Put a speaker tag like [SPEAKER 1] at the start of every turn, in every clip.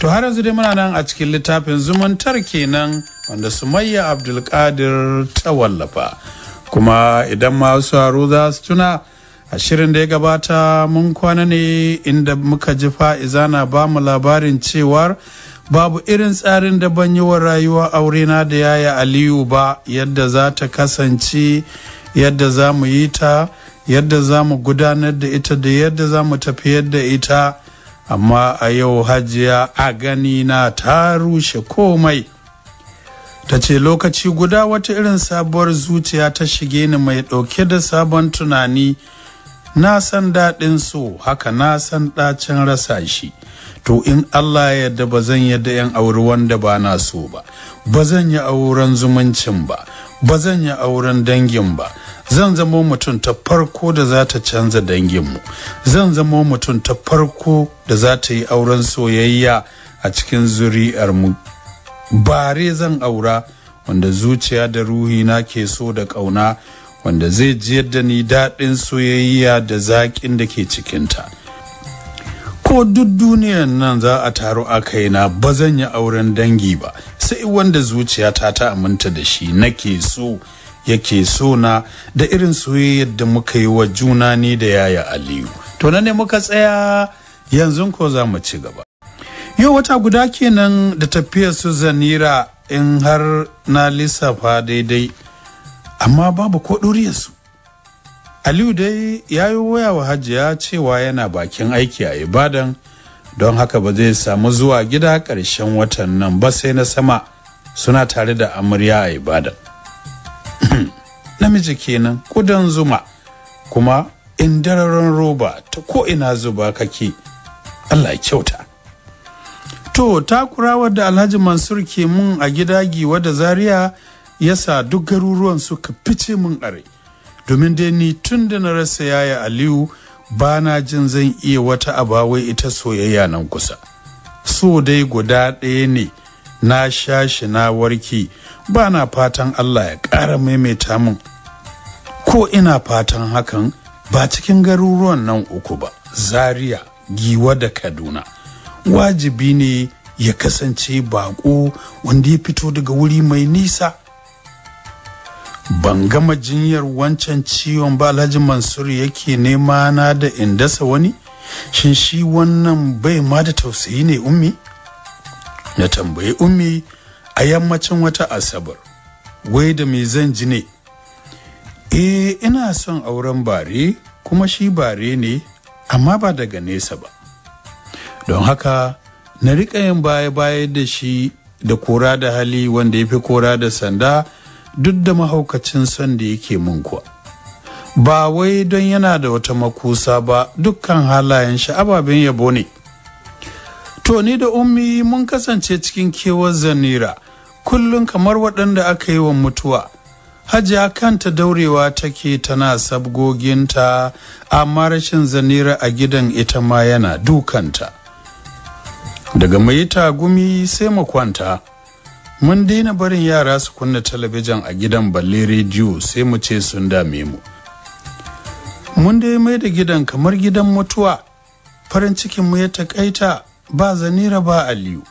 [SPEAKER 1] to har yanzu dai muna nan a cikin littafin zumuntar kenan wanda sumayya abdulkadir ta wallafa kuma idan masu haro za su tuna a shirin da ya gabata mun kwana ne inda muka ji fa'iza na ba mu labarin cewar babu irin tsarin da ban yi wa rayuwa aure na da yaya aliyu ba yadda za ta kasance yadda za mu yi ta yadda za mu gudanar da ita da yadda za mu tafiyar da ita amma a yau hajiya a gani na ta rushe komai ta ce lokaci guda wata irin sabuwar zuciya ta shige ni mai ɗauke da sabon tunani na san daɗin so haka na san ɗacin rasa shi to in allah yadda ba zan yadda yan auri wanda ba na so ba ba zan yi auren zumuncin ba ba zan yi auren dangin ba zan zama mutum ta farko da za ta canza danginmu zan zama mutum ta farko da za ta yi auren soyayya a cikin zuri'armu bare zan aura wanda zuciya da ruhina ke so da ƙauna wanda zai jiyar da ni daɗin soyayya da zaƙin da ke cikinta ko duk duniyan nan za a taru a kaina ba zan yi auren dangi ba sai wanda zuciyata ta aminta da shi nake so yake so na da irin soyayyar da muka yi wa juna ne da yaya aliyu to na ne muka tsaya yanzu ko za mu ci gaba yau wata guda kenan da tafiyar su zanira in har na lissafa daidai amma babu ko su. aliyu dai ya yi waya wa hajiya cewa yana bakin aiki a ibadan don haka ba zai samu zuwa gida ƙarshen watan nan ba sai na sama suna tare da amarya a ibadan namiji kenan kudan zuma kuma in dararen roba ta ko ina zuba kake allah kyauta to takurawa da alhaji mansur ke mun a gida giwa da zaria ya sa duk garuruwan suka fice mun are domin dai ni tun da na rasa yaya aliyu ba na jin zan iya wata aba wai ita soyayya nan kusa so dai guda ɗaya ne na sha shi na warki ba na fatan allah ya ƙara maimaita min ko ina fatan hakan ba cikin garuruwan nan uku ba zaria giwa da kaduna wajibi ne ya kasance baƙo wanda ya fito daga wuri mai nisa ban gama jinyar wancan ciwon ba alhaji mansur yake nema na da indasa wani shin shi wannan bai ma da tausayi ne ummi na tambayi ummi a yammacin wata asabar wai da me zan ji ne eh ina son auren bare kuma shi bare ne amma ba daga nesa ba don haka na riƙa yin baya-baya da shi da kora da hali wanda ya fi kora da sanda duk da mahaukacin son da yake mun kuwa ba wai don yana da wata makusa ba dukkan halayen shi ababen yabo ne to ni da ummi mun kasance cikin kewar zanira kullum kamar waɗanda aka yi wa mutuwa hajiya kanta daurewa take tana sabgoginta amma rashin zanira a gidan ita ma yana dukanta daga mai gumi sai mu kwanta mun daina barin yara su kunna talabijin a gidan balle rediyo sai mu ce sun dame mu mun dai mai da gidan kamar gidan mutuwa farin cikin mu ya takaita ba zanira ba aliyu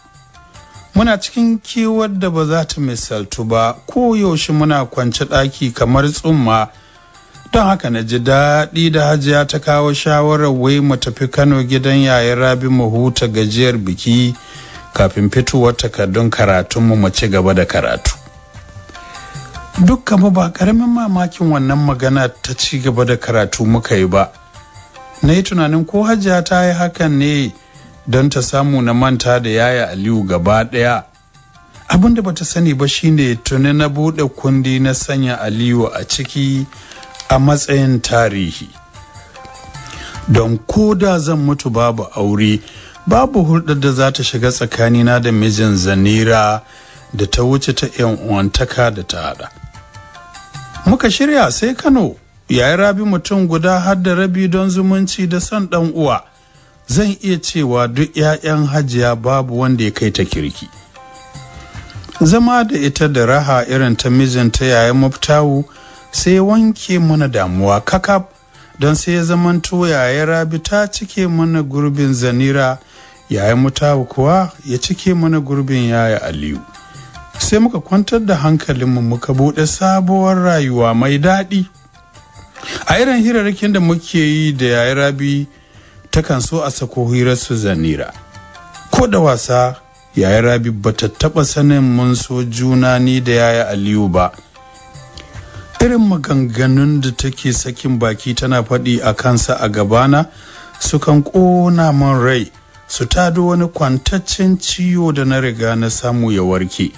[SPEAKER 1] muna cikin kewar da ba za ta misaltu ba ko yaushe muna kwance ɗaki kamar tsumma don haka na ji daɗi da hajiya ta kawo shawarar wai mu tafi kano gidan yayin rabi mu huta gajiyar biki kafin fitowar takardun karatunmu mu ci gaba da karatu dukkanmu ba karamin mamakin wannan magana ta ci gaba da karatu muka yi ba na yi tunanin ko hajiya ta yi hakan ne don ta samu na manta da yaya aliyu gaba daya abin da bata sani ba shine tuni na buɗe kundi na sanya aliyu a ciki a matsayin tarihi don ko da zan mutu babu aure babu hulɗar da za ta shiga tsakanina da mijin zanira da ta wuce ta yan uwantaka da ta hada muka shirya sai kano yayi rabi mutum guda har da rabi don zumunci da son ɗan uwa zan iya cewa duk 'ya'yan hajiya babu wanda ya kai ta kirki zama da ita da raha irin ta mijinta yayin maftawu sai wanke mana damuwa kakaf don sai ya zamanto yayin rabi ta cike mana gurbin zanira yayan mutawu kuwa ya cike mana gurbin yaya aliyu sai muka kwantar da hankalinmu muka buɗe sabuwar rayuwa mai daɗi a irin hirarrakin da muke yi da yayi rabi takan so a sako hirarsu zanira ko da wasa yayi rabi ba ta taɓa sanin mun so juna ni da yaya aliyu ba irin maganganun da take sakin baki tana faɗi a kansa a gabana sukan ƙona man rai su tado wani kwantaccen ciwo da na riga na samu ya warke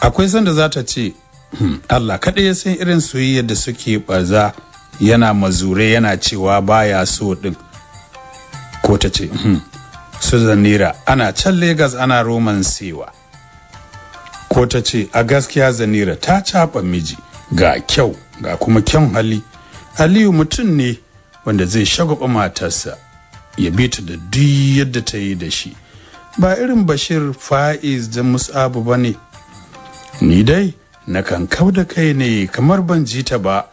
[SPEAKER 1] akwai sanda za ta ce hmm, Allah kaɗai ya san irin soyayya da suke ɓaza yana mazure yana cewa baya so ɗin ko ta ce hmm, su zanira ana can Legas ana roman sewa ko ta ce a gaskiya zanira ta caɓa miji ga kyau ga kuma kyan hali aliyu mutum ne wanda zai shagwaba matarsa ya bi ta da duk yadda ta yi da shi ba irin bashir fa'iz da musabu ba ne ni dai na kan kau da kai ne kamar ban ji ta ba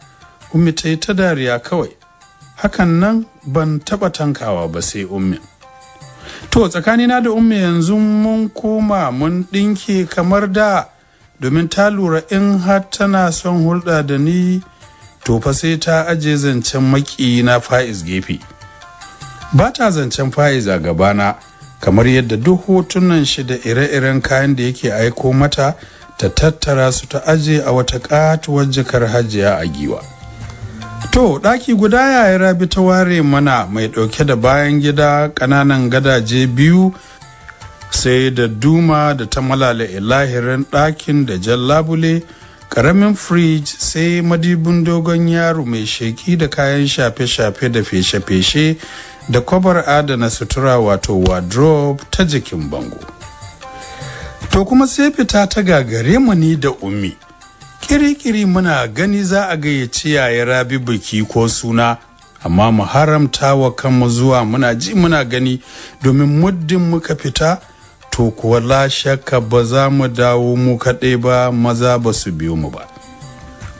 [SPEAKER 1] ummi ta yi ta dariya kawai hakan nan ban taɓa tankawa ba sai ummi to tsakanina da ummi yanzu mun koma mun ɗinke kamar da domin ta lura in har tana son hulɗa da ni to fa sai ta aje zancen maki na fa'iz gefe ba ta zancen fa'iza a gabana kamar yadda duk hotunan shi da ire-iren kayan da yake aiko mata ta tattara su ta aje a wata katuwar jikar hajiya a giwa to ɗaki guda yaya rabi ta ware mana mai ɗauke da bayan gida ƙananan gadaje biyu sai da duma da ta malala ilahirin ɗakin da jan labule karamin fridge sai madibin dogon yaro mai sheki da kayan shafe-shafe da feshe-feshe da kwabar adana sutura wato wardrobe ta jikin bango to kuma sai fita ta gagare mu ni da ummi kiri muna gani za a gayyaci yaya rabi biki ko suna amma mu haramta wa kanmu zuwa muna ji muna gani domin muddin muka fita to kuwa la shakka ba za mu dawo mu kaɗai ba maza ba su biyo mu ba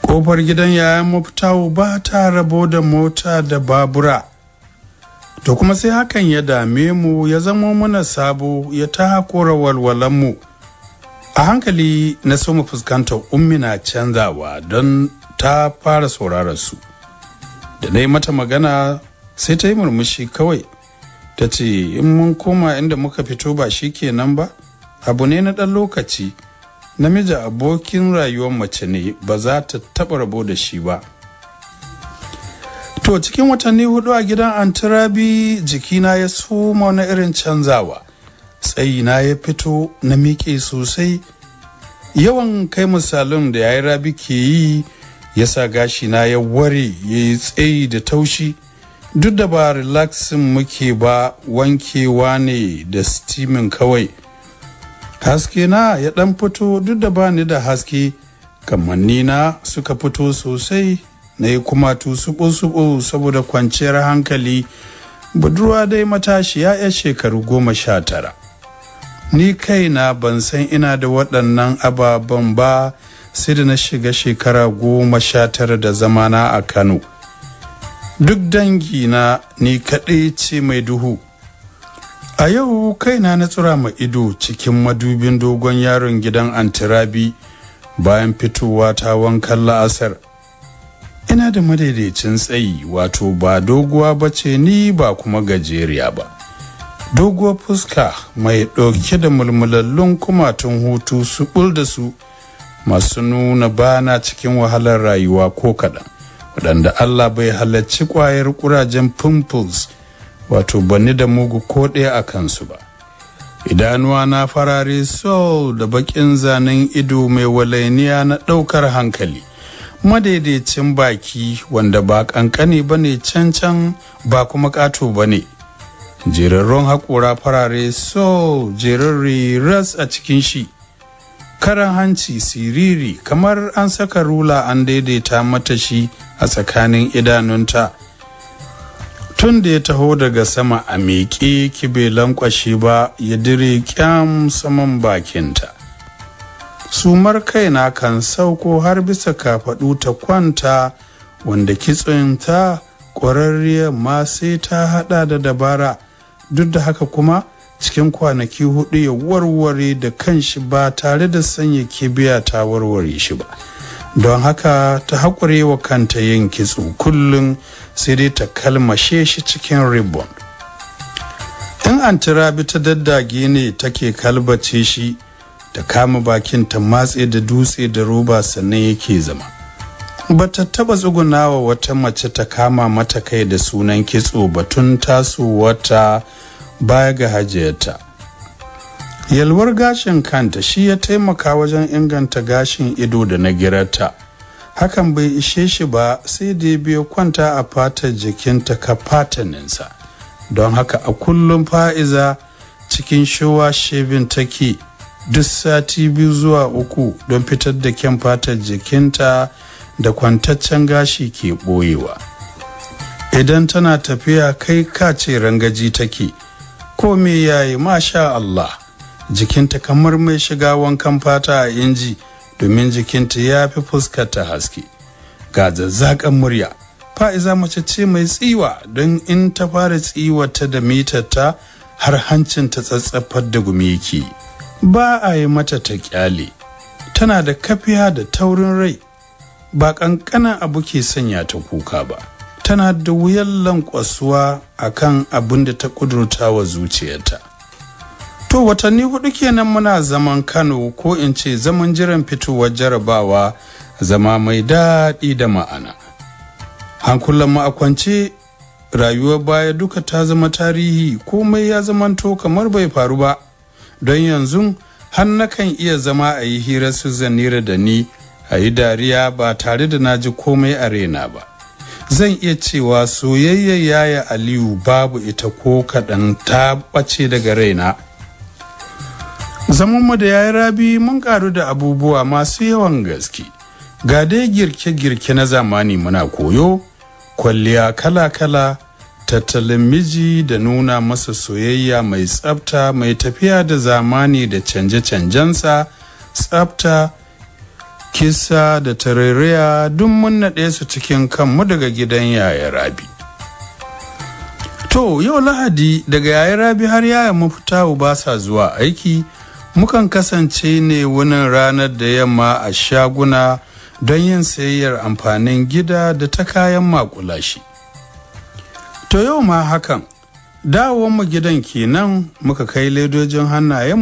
[SPEAKER 1] kofar gidan yayan mafitawo ba ta rabo da mota da babura to kuma sai hakan ya dame mu ya zamo mana sabo ya ta hakora walwalanmu a hankali na so mu fuskantar ummina na canzawa don ta fara sauraron su da na yi mata magana sai ta yi murmushi kawai ta ce in mun koma inda muka fito ba shi kenan ba abu ne na ɗan lokaci namiji abokin rayuwar mace ne ba za ta taɓa rabo da shi ba to cikin watanni hudu a gidan antirabi jikina ya suma na irin canzawa tsayina ya fito na miƙe sosai yawan kai misalin da ya yi rabi ke yi ya sa gashina ya ware ya yi tsayi da taushi duk da ba rilaksin muke ba wankewa ne da steaming kawai haske na ya dan fito duk da ba ni da haske kamanni na suka fito sosai na yi kuma tu subu saboda kwanciyar hankali budurwa dai matashiya 'ya shekaru goma sha tara ni kaina ban san ina da waɗannan ababen ba sai da na shiga shekara goma sha tara da zamana a kano duk dangi na ni kaɗai ce mai duhu a yau kaina na tsura ma ido cikin madubin dogon yaron gidan antirabi bayan fitowa ta wankan la'asar yana da madaidaicin tsayi wato ba doguwa ba ce ni ba kuma gajeriya ba Doguwa fuska mai ɗauke da mulmulallun kumatun hutu su ɓul da su masu nuna bana cikin wahalar rayuwa ko kaɗan waɗanda allah bai halarci ƙwayar ƙurajen pimples wato banni da mugu ko ɗaya a kansu ba idanuwa na farare sol da baƙin zanen ido mai walainiya na ɗaukar hankali madaidaicin baki wanda ba kankane ba ne can ba kuma kato bane. ne jerarrun haƙora farare so jerarri ras a cikin shi karan hanci siriri kamar an saka rula an daidaita mata shi a tsakanin idanunta tun da ya taho daga sama a miƙe kibelan lankwashe ba ya dire kyam saman bakinta sumar kaina kan sauko har bisa kafaɗu ta kwanta wanda kitson ta ƙwararriya ma sai ta haɗa da dabara duk da haka kuma cikin kwanaki hudu ya warware da kan shi ba tare da sanya kibiya ta warware shi ba don haka ta haƙure wa kanta yin kitso kullum sai dai ta kalmashe shi cikin ribbon in an ta daddage ne take kalbace shi ta kama bakin ta matse da dutse da roba sannan yake zama ba ta taba tsugunawa wata mace ta kama mata kai da sunan kitso batun taso wata baya ga hajiyarta yalwar gashin kanta shi ya taimaka wajen inganta gashin ido da na girarta hakan bai ishe shi ba sai da ya biyo kwanta a fatar jikinta ka fataninsa don haka a kullum fa'iza cikin shewa shebin take duk sati biyu zuwa uku don fitar da kyan fatar jikinta da kwantaccen gashi ke boyewa idan tana tafiya kai kace rangaji take ko me yayi masha Allah jikinta kamar mai shiga wankan fata a inji domin jikinta ya fi fuskata haske ga zazzakan murya fa'iza mace ce mai tsiwa don in ta fara tsiwata da mitarta har hancin ta tsatsafar da gumi yake ba a yi mata ta kyale tana da kafiya da taurin rai ba ƙanƙanan abu ke sanya ta kuka ba tana da wuyan lankwasuwa a kan abin da ta ƙudurta wa zuciyarta to watanni hudu kenan muna zaman kano ko in ce zaman jiran fitowar jarabawa zama mai daɗi da ma'ana hankulan ma'akwance rayuwar baya duka ta zama tarihi komai ya zamanto kamar bai faru ba don yanzu har nakan iya zama a yi hirar su zanira da ni a yi dariya ba tare da na ji komai a raina ba zan iya cewa soyayyar yaya aliyu babu ita ko kaɗan ta ɓace daga raina mu da yayi rabi mun ƙaru da abubuwa masu yawan gaske ga dai girke-girke na zamani muna koyo kwalliya kala-kala tattalin miji da nuna masa soyayya mai tsafta mai tafiya da zamani da canje-canjensa tsafta kisa da tarariya duk mun naɗe su cikin kanmu daga gidan yaya rabi to yau lahadi daga yaya rabi har yaya mafita ba sa zuwa aiki mukan kasance ne wani ranar da yamma a shaguna don yin sayayyar amfanin gida da ta kayan makulashi to yau ma hakan mu gidan kenan muka kai ledojin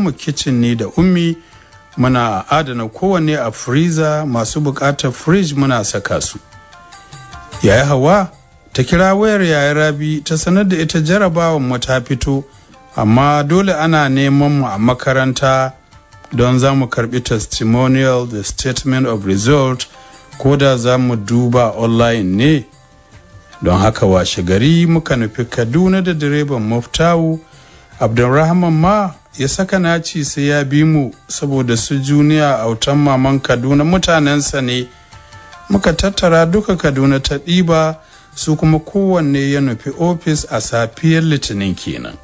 [SPEAKER 1] mu kicin ne da ummi muna adana kowanne a freezer masu bukatar fridge muna saka su yayi hawa ta kira wayar yaya rabi ta sanar da ita jarabawan mu ta fito amma dole ana neman mu a makaranta don za mu karbi testimonial the statement of result ko da za mu duba online ne don haka washe gari muka nufi kaduna da direban muftawu abdulrahman ma ya saka naci sai ya bi mu saboda su juniya autan maman kaduna mutanensa ne muka tattara duka kaduna ta ɗiba su kuma kowanne ya nufi ofis a safiyar litinin kenan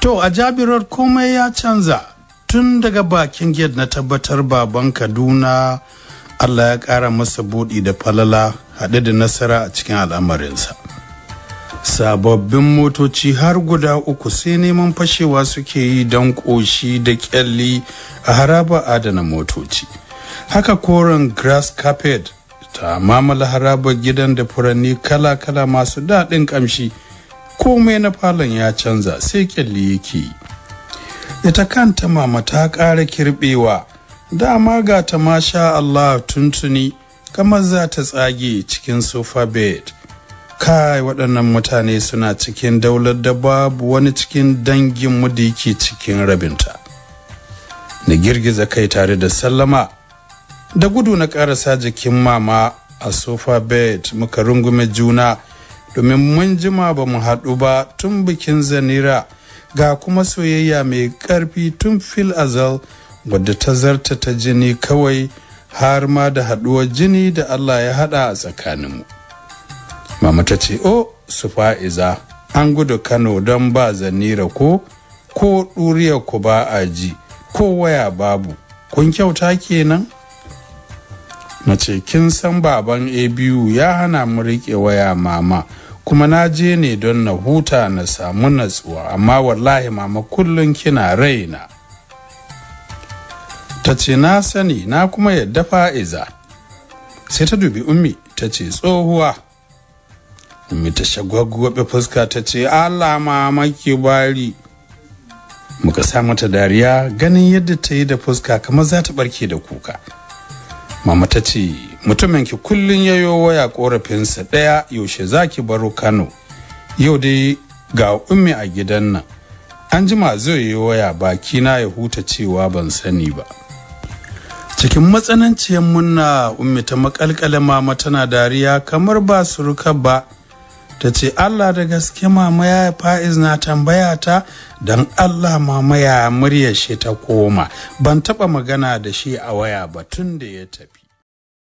[SPEAKER 1] to a jabirar komai ya canza tun daga bakin gate na tabbatar baban kaduna Allah ya ƙara masa buɗi da falala haɗe da nasara a cikin al'amarinsa. Sababbin motoci har guda uku sai neman fashewa suke yi don ƙoshi da ƙyalli a haraba adana motoci. Haka koren grass carpet ta mamala harabar gidan da furanni kala-kala masu daɗin ƙamshi komai na falon ya canza sai ƙyalli yake yi. Ita kanta mama ta ƙara kirɓewa. dama ga ta masha Allah tuntuni kamar za ta tsage cikin sofa bed kai waɗannan mutane suna cikin daular da babu wani cikin mu da yake cikin rabinta na girgiza kai tare da sallama da gudu na ƙarasa jikin mama a sofa bed muka rungume juna domin mun jima ba mu haɗu ba tun bikin zanira ga kuma soyayya mai ƙarfi tun fil azal wadda ta zarta ta jini kawai har ma da haɗuwar jini da Allah ya haɗa a tsakaninmu. Mama ta ce, "O, oh, su fa'iza, an gudu Kano don ba zanira ko, ko ɗuriya ku ba a ji, ko waya babu, kun kyauta kenan?" Na ce, "Kin san baban ABU ya hana mu riƙe waya mama, kuma na je ne don na huta na samu natsuwa, amma wallahi mama kullum kina raina." ta ce na sani na kuma yadda fa'iza sai ta dubi ummi ta ce tsohuwa ummi ta shagwagwabe fuska ta ce allah maki bari muka sa mata dariya ganin yadda ta yi da fuska kamar za ta barke da kuka mama ta ce mutumin ki kullum ya yi waya korafinsa ɗaya yaushe za ki baro kano yau dai ga ummi a gidan nan an jima zai yi waya baki na ya huta cewa ban sani ba cikin matsananciyar munna ummi ta makalkale mama tana dariya kamar ba suruka ba ta ce allah da gaske mama ya fa'iz na tambaya ta don allah mama ya muryar shi ta koma ban taba magana da shi a waya ba tun da ya tafi